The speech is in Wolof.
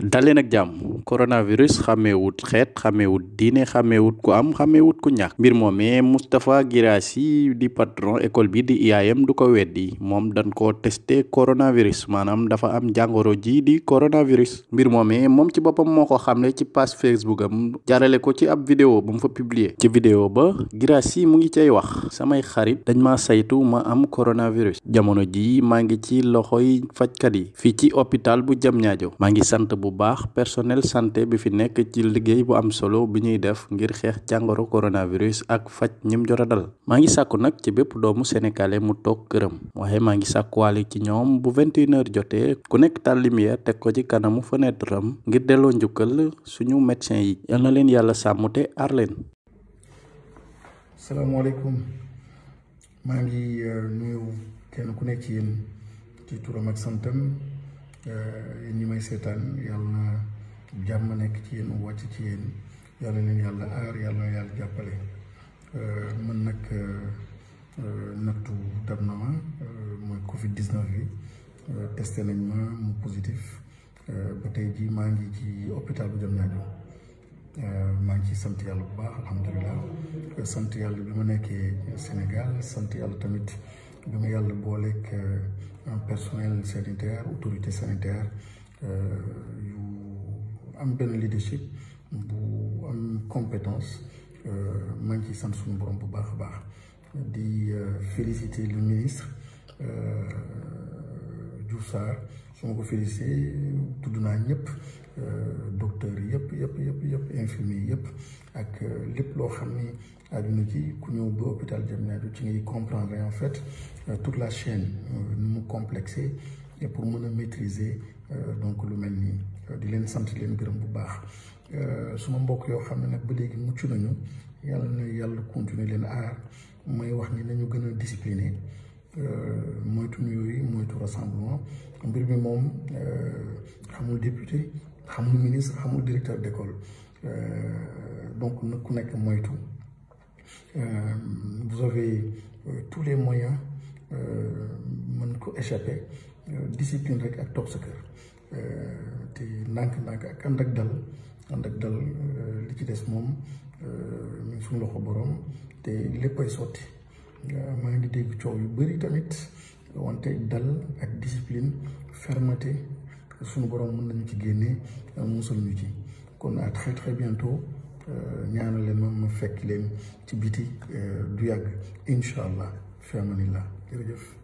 daleen nag jàmm coronavirus xàmmeewut xeet xàmmeewut diine xàmmeewut ku am wut ku ñàkk mbir moomee Moustapha Guirassy di patron école bi di IAM du ko weddi moom dañ koo testé coronavirus maanaam dafa am jàngoro ji di coronavirus mbir moomee moom ci boppam moo ko xamle ci page Facebook am jaarale ko ci ab vidéo ba mu fa piblier ci vidéo ba Guirassy mu ngi cay wax samay xarit dañ ma saytu ma am coronavirus jamono ji maa ngi ci loxoy fajkat yi fii ci hôpital bu Diamniadio maa ngi sant bu baax personnel santé bi fi nekk ci liggéey bu am solo bi ñuy def ngir xeex jàngoro coronavirus ak faj ñim jot dal maa ngi sàkk nag ci bépp doomu sénégalais mu toog këram waaye maa ngi sàkkuwaale ci ñoom bu 21h jotee ku nekk taal lumière teg ko ci kanamu fenêtre ngir delloo njukkal suñu médecin yi yal na leen yàlla sàmmute te aar leen. Euh, yéen ñi may seetaan yàlla na jàmm nekk ci yéen wàcc ci yéen yàlla leen yàlla aar yàlla na yàlla jàppale euh, man nag euh, nattu dab na ma mooy Covid 19 bi testé nañ ma mu positif ba tey jii maa ngi ci hôpital bu Diamniadio maa ngi ci sant yàlla bu baax alhamdulilah sant yàlla bi ma nekkee Sénégal sant yàlla tamit. bi ma yàlla booleeg euh, un personnel sanitaire autorité sanitaire euh, yu am benn leadership bu am compétence euh, maa ngi ciy sant suñu borom bu baax a baax di féliciter le ministre Diouf Sarr su ma ko féliciter tudd naa ñëpp docteurs yëpp. yëpp yëpp yëpp infirmier yëpp ak euh, lépp loo xam ni àdduna ci ku ñëw ba hôpital Diamniadio ci ngay comprendre en fait euh, toute la chaine euh, nu mu complexé pour mën a maîtriser donc lu mel nii di leen sant leen gërëm bu baax suma mbokk yoo xam ne nag ba léegi mucc nañu yàlla na yàlla continuer leen aar mooy wax ni nañu gën a discipliné moytu nuyoo yi moytu rassemblement mbir mi moom xamul député xamul ministre xamul directeur d'école euh, donc na ku nekk moytu euh, vous avez euh, tous les moyens mën ko échapper discipline rek ak toog sa kër te ndànk-ndànk ak ànd ak dal ànd ak dal li ci des moom mi ngi loxo borom te léppay sotti maa ngi dégg coow yu bëri tamit wante dal ak discipline fermeté suñu borom mën nañu ci génnee euh, musal ñu ci kon à très très bientôt euh, ñaanal leen moom ma fekk leen ci biti euh, du yàgg incha allah fi amanillah jërëjëf